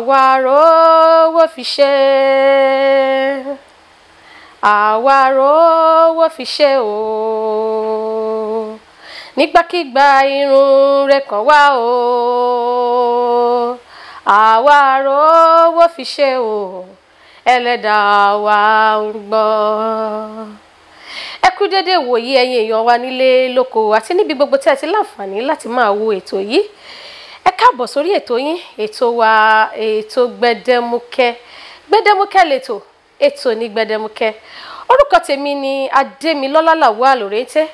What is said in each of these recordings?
àwa rówó fi ṣe àwa rówó fi ṣe o nígbàkígbà irun rẹ kàn wá o àwa rówó fi ṣe o ẹlẹ́dàá wa ń gbọ́ ẹ kú dédé wòyí ẹ̀yin èèyàn wa nílé lóko àti níbi gbogbo tí ẹ ti láǹfààní láti máa wo ètò yìí ẹ káàbọ̀ sórí ètò yín ètò wa ètò gbẹdẹmukẹ gbẹdẹmukẹ lètò ètò ní gbẹdẹmukẹ orúkọ tèmi ni adémilọ́lá làwọn àlòrétẹ́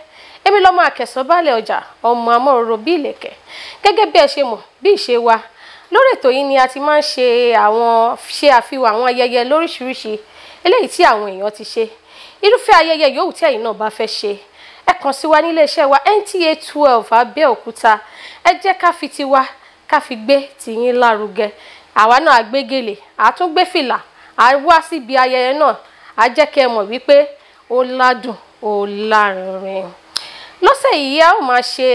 èmi lọ́mọ àkẹ́sọ́ balẹ̀ ọjà ọmọ amóhoro bí ìlẹ̀kẹ̀ gẹ́gẹ́ bí ẹ ṣe mọ̀ bí ìṣe wa lórí ètò yìí ni a ti máa ń ṣe àwọn ṣe àfihàn àwọn ayẹyẹ lóríṣiríṣi eléyìí tí àwọn èèyàn ti ṣe irúfẹ́ ayẹyẹ yòówù tí ẹ̀yin náà bá fẹ́ ṣe ẹ kàn sí wa nílé wa NTA twelve Abẹ́òkúta ẹ jẹ́ ká fi tiwa ká fi gbé tìyín lárugẹ àwa náà àgbégèlè àtúngbé fìlà àwa síbi ayẹyẹ náà á jẹ́ kí ẹ mọ̀ wípé ó ládùn ó lárinrin lọ́sẹ̀ yìí a ó máa ṣe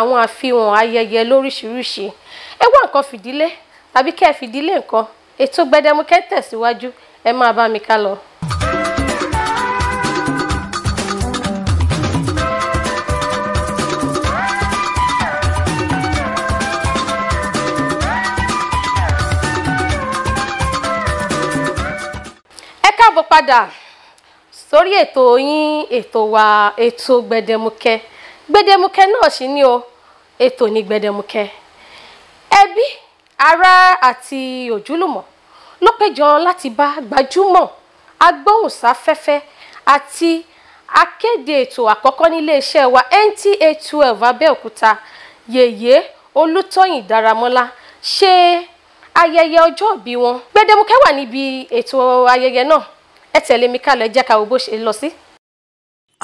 àwọn àfihàn ayẹyẹ lóríṣiríṣi ẹ wá nǹkan fìdílé tàbí kẹ́ ẹ fìdílé nǹkan ètò Gbẹdẹmukẹ́ tẹ̀síwájú ẹ máa bá mi ká lọ. padà sórí ètò yín ètò wa ètò gbẹdẹmukẹ gbẹdẹmukẹ náà sì ni o ètò ní gbẹdẹmukẹ ẹbí ará àti òjúlùmọ̀ ló péjọ láti bá gbajúmọ̀ agbóhùnsáfẹ́fẹ́ àti akéde ètò àkọ́kọ́ níléeṣẹ́ wa NTA twelve Abẹ́òkúta yèyé Olútóyìn Dáramọ́lá ṣe ayẹyẹ ọjọ́ ìbí wọn gbẹdẹmukẹ wà níbi ètò ayẹyẹ náà ẹ tẹ̀lé mi ká lọ jẹ́ ká wo bó ṣe lọ sí.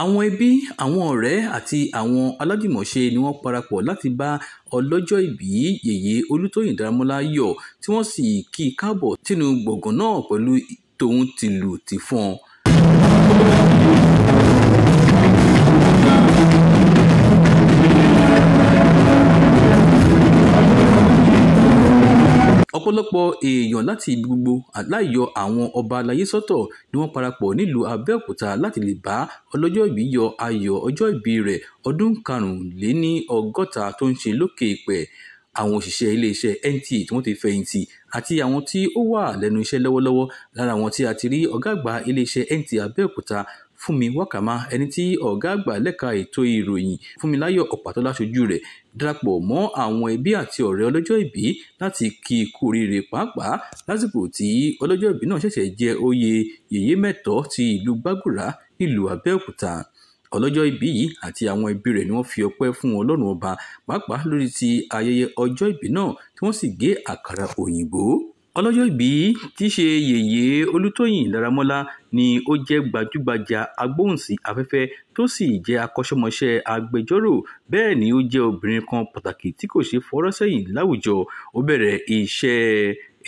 àwọn ẹbí àwọn ọ̀rẹ́ àti àwọn alájùmọ̀ṣe ni wọ́n parapọ̀ láti bá ọlọ́jọ́ ìbí yèyé olútóyìn dáramọ́lá yọ̀ tí wọ́n sì kí i káàbọ̀ sínú gbọ̀ngàn náà pẹ̀lú tòun tìlù tìfọn ọ̀pọ̀lọpọ̀ èèyàn láti ibi gbogbo láìyọ àwọn ọba alayé sọ́tọ̀ ni wọ́n parapọ̀ nílùú Abẹ́òkúta láti lè bá ọlọ́jọ́ ìbí yọ ayọ̀ ọjọ́ ìbí rẹ̀ ọdún karùnléní ọgọ́ta tó ń ṣe lókè ìpẹ́ àwọn òṣìṣẹ́ iléeṣẹ́ NTA tí wọ́n ti fẹ̀yìntì àti àwọn tí ó wà lẹ́nu iṣẹ́ lọ́wọ́lọ́wọ́ lára àwọn tí a ti rí ọ̀gá àgbà iléeṣẹ́ NTA Abẹ́òkúta Fúnmi Wákàmá ẹni tí ọ̀gá àgbà lẹ́ka ètò ìròyìn Fúnmiláyọ̀ Ọ̀pátọ́lá ṣojú rẹ̀ darapọ̀ mọ́ àwọn ẹbí àti ọ̀rẹ́ ọlọ́jọ́ ìbí láti kí i kú oríire pàápàá lásìkò tí ọlọ́jọ́ ìbí náà ṣẹ̀ṣẹ̀ jẹ oyè yèyé mẹ́tọ́ ti ìlú Gbàgùrá nílùú Abẹ́òkúta ọlọ́jọ́ ìbí yìí àti àwọn ẹbí rẹ̀ ni wọ́n fi ọpẹ́ fún Ọlọ́run ọba pàápàá lórí ti ayẹyẹ ọjọ́ ìbí náà tí wọ́n sì gé àkàrà òyìnbó ọlọ́jọ́ ìbí tí í ṣe yèyé olùtóyìn daramọ́lá ni ó jẹ́ gbajúgbajà agbóhùnsí afẹ́fẹ́ tó sì jẹ́ akọ́ṣẹ́mọṣẹ́ agbẹjọ́rò bẹ́ẹ̀ ni ó jẹ́ obìnrin kan pàtàkì tí kò ṣe fọwọ́rọ́ sẹ́yìn láwùjọ ó bẹ̀rẹ̀ iṣẹ́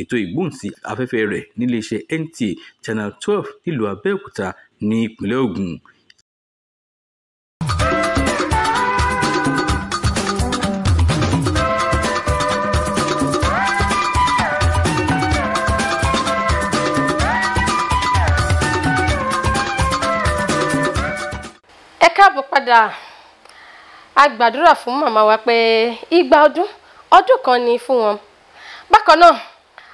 ètò ìgbóhùnsí afẹ́fẹ́ rẹ̀ níléeṣẹ́ NTA Channel twelve nílùú Abẹ́òkúta ní ìpínlẹ̀ Ògùn káàbọ̀ padà a gbàdúrà fún màmá wa pé igba ọdún ọdún kan ni fún wọn bákan náà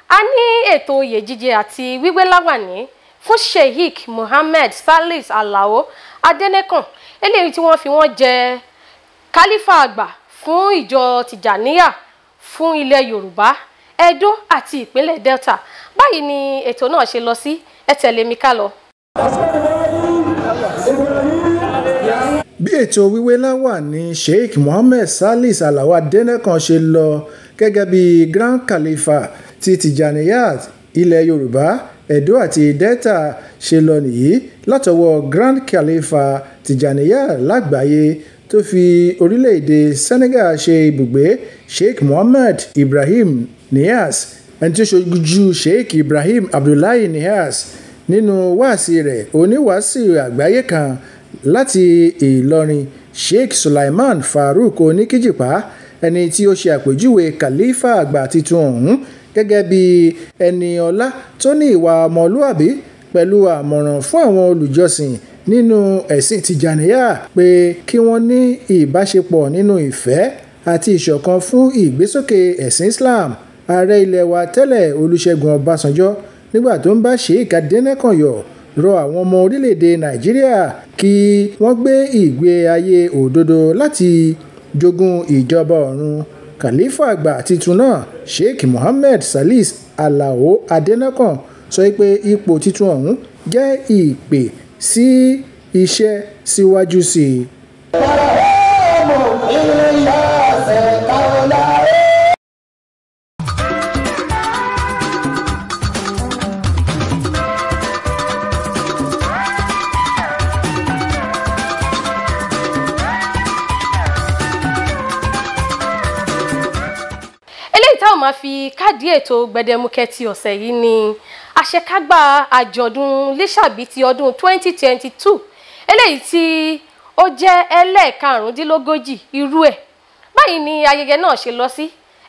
a ní ètò oyè jíjẹ àti wíwé láwàní fún sheik mohammed salis alao adẹnẹkàn eléyìí tí wọ́n fi wọ́n jẹ kálífà àgbà fún ìjọ tìjàníyà fún ilẹ̀ yorùbá edo àti ìpínlẹ̀ delta báyìí ni ètò náà ṣe lọ sí ẹ tẹ̀lé mi ká lọ bí ètò wíwélá wà ní sheikh mohammed salis alawa denekan ṣe lọ gẹ́gẹ́ bí grand khalifa ti tijaniyat ilẹ̀ yorùbá edo àti delta ṣe lọ nìyí látọwọ́ grand khalifa tijaniyat lágbàáyé tó fi orílẹ̀-èdè senegal ṣe ibùgbé sheikh mohammed ibrahim Nias ẹni tí ó ṣojú sheikh ibrahim abdullahi niass nínú wáàsí rẹ̀ oníwàásí àgbáyé kan láti Ìlọrin Sheikh Sulaiman Farouk Oníkíjìpá ẹni tí ó ṣe àpèjúwe kàlífà àgbà titun ọ̀hún gẹ́gẹ́ bí ẹni ọlá tó ní ìwà ọmọlúàbí pẹ̀lú àmọ̀ràn fún àwọn olùjọ́sìn nínú ẹ̀sìn tìjànìyà pé kí wọ́n ní ìbáṣepọ̀ nínú ìfẹ́ àti ìṣọ̀kan fún ìgbésókè ẹ̀sìn Islam ààrẹ ilẹ̀ wa tẹ́lẹ̀ Olúṣẹ́gun Ọbásanjọ́ nígbà tó ń bá Sheikh Adénẹ́kànyọ̀ rọ àwọn ọmọ orílẹ̀-èdè nàìjíríà kí wọ́n gbé ìgbé ayé òdodo láti jogún ìjọba ọ̀run kàlífà àgbà titun náà sheikh mohammed salis alao adenakan sọ pé ipò titun ọ̀hún jẹ́ ìpè sí iṣẹ́ síwájú sí i. máa fi káàdì ètò gbẹdẹmukẹ ti ọ̀sẹ̀ yìí ni àṣekágbá àjọ̀dún Lísàbí ti ọdún 2022 eléyìí tí ó jẹ́ ẹlẹ́ẹ̀karùndínlógójì irú ẹ̀ báyìí ni ayẹyẹ náà ṣe lọ sí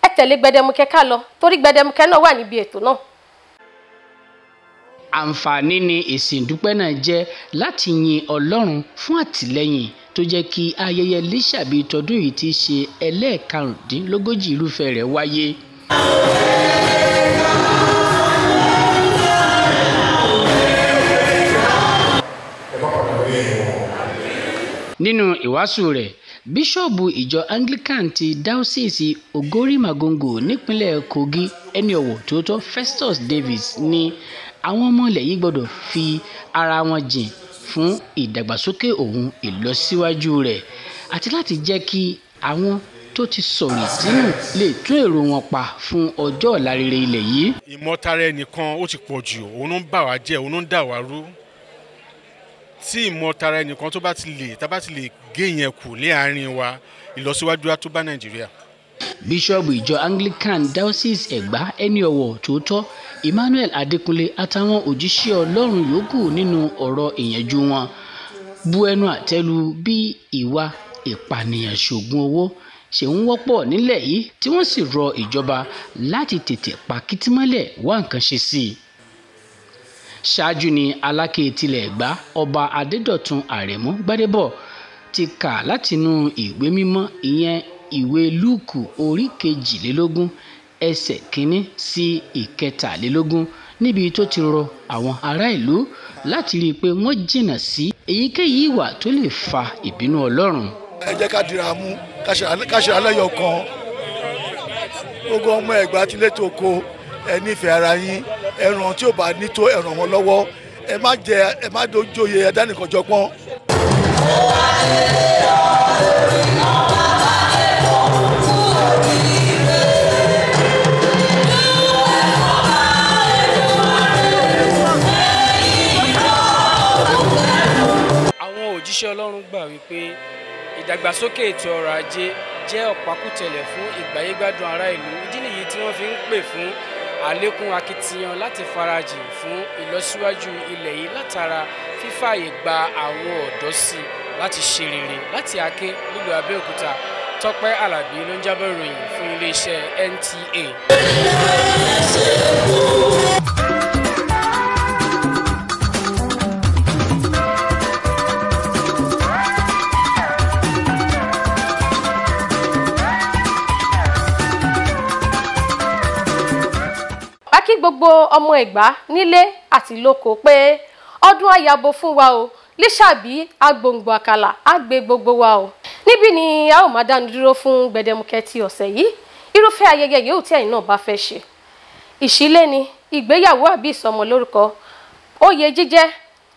ẹ tẹ̀lé gbẹdẹmukẹ ká lọ torí gbẹdẹmukẹ náà wà níbi ètò náà àǹfààní ni èsì ìdúpẹ́ náà jẹ́ láti yin ọlọ́run fún àtìlẹ́yìn tó jẹ́ kí ayẹyẹ Lísàbí tọdún yìí ti ṣe ẹlẹ́ẹ̀karùndínlógójì irúfẹ́ rẹ̀ wáyé nínú ìwàásù rẹ̀ bíṣọ̀bù ìjọ anglican ti dáúsìsì Ogorimagongo nípínlẹ̀ Kogi ẹni ọ̀wọ̀ tòótọ́ Festus Davis ní àwọn ọmọ ilẹ̀ yìí gbọ́dọ̀ fi ara wọn jìn fún ìdàgbàsókè òun ìlọsíwájú rẹ̀ àti láti jẹ́ kí àwọn tó ti sọ̀rọ̀ sínú lè tún èrò wọn pa fún ọjọ́ ọ̀la rere ilẹ̀ yìí. ìmọ̀tara ẹnìkan ó ti pọ̀ jù òun ló ń bà wá jẹ́ òun ló ń dà wá rú tí ìmọ̀tara ẹnìkan tó bá ti lè tá bá ti lè gé yẹn kù láàrin wa ìlọsíwájú á tó bá nàìjíríà bíṣọ́ọ̀bù ìjọ anglican diocese ẹ̀gbá ẹni ọ̀wọ̀ tòótọ́ emmanuel adékúnlé àtàwọn òjíṣẹ́ ọlọ́run yòókù nínú ọ̀rọ̀ ìyànjú wọn bu ẹnu àtẹ́lu bí ìwà ìpànìyàn ṣògùn owó ṣe ń wọ́pọ̀ nílẹ̀ yìí tí wọ́n sì rọ ìjọba láti tètè pa kìtìmọ́lẹ̀ wá nǹkan ṣe sí i. ṣáájú ni aláké tilẹ̀ ẹ̀gbá ọba adédọ̀tun àrẹ̀mú gbádébọ̀ ti kà látinú ìwé mímọ́ ìyẹn ìwé lúùkù orí kejìlélógún ẹsẹ̀ kínní sí ìkẹtàlélógún níbi tó ti rọ àwọn ará ìlú láti rí i pé wọ́n jìnnà sí èyíkéyìí ìwà tó lè fa ìbínú ọlọ́run ẹ jẹ́ ká dira mú ká ṣe alẹ́yọ̀ kan gbogbo ọmọ ẹ̀gbá tí létò oko ẹ nífẹ̀ẹ́ ara yín ẹ̀ràn tí ò bá ní tó ẹ ràn lọ́wọ́ ẹ má jẹ ẹ má dojú oyè ẹ̀dá nìkan jọpọ́n. ìdàgbàsókè ètò ọrọ̀ ajé jẹ́ ọ̀pákùtẹ̀lẹ̀ fún ìgbáyégbádùn ará ìlú ìdí nìyí tí wọ́n fi ń pè fún àlékún akitiyan láti farajìn fún ìlọsíwájú ilẹ̀ yìí látara fífààyè gba àwọn ọ̀dọ́ sí i láti ṣe rere láti Aké nílùú Abẹ́òkúta Tọ́pẹ́ Àlàbí ló ń jábọ̀ ìròyìn fún iléeṣẹ́ NTA. gbogbo ọmọ Ẹ̀gbá nílé àti lóko pé ọdún àyàbò fún wa o Lísàbí agbòǹgbò àkàlà àgbè gbogbo wa o níbí ni a ó máa dánu dúró fún gbẹdẹmukẹ ti ọ̀sẹ̀ yìí irúfẹ́ ayẹyẹ yòówù tí ẹ̀yin náà bá fẹ́ ṣe ìṣílé ni ìgbéyàwó àbí ìsọmọ lórúkọ oyè jíjẹ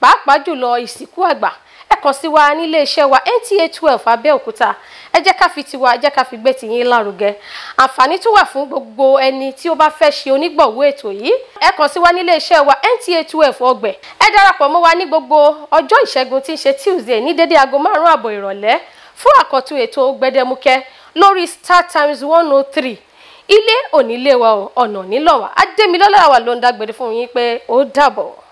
pàápàá jùlọ ìsìnkú àgbà ẹ kàn sí wa nílé iṣẹ́ wa NTA twelve Abẹ́òkúta ẹ jẹ́ ká fi tiwa ẹ jẹ́ ká fi gbé tìyín lárugẹ àǹfààní tó wà fún gbogbo ẹni tí ó bá fẹ́ ṣe onígbọ̀wọ́ ètò yìí ẹ kàn sí wa nílé iṣẹ́ wa NTA twelve ọgbẹ̀ ẹ darapọ̀ mọ́ wa ní gbogbo ọjọ́ ìṣẹ́gun tí ń ṣe Tuesday ní dédé aago márùn-ún àbọ̀ ìrọ̀lẹ́ fún àkọ́tún ètò gbẹdẹmukẹ lórí Star Times one oh three ilé onílé wa ọ̀nà nílọ̀wà adémilọ́lá wa ló ń dágbére fún yín pé ó dàbọ̀.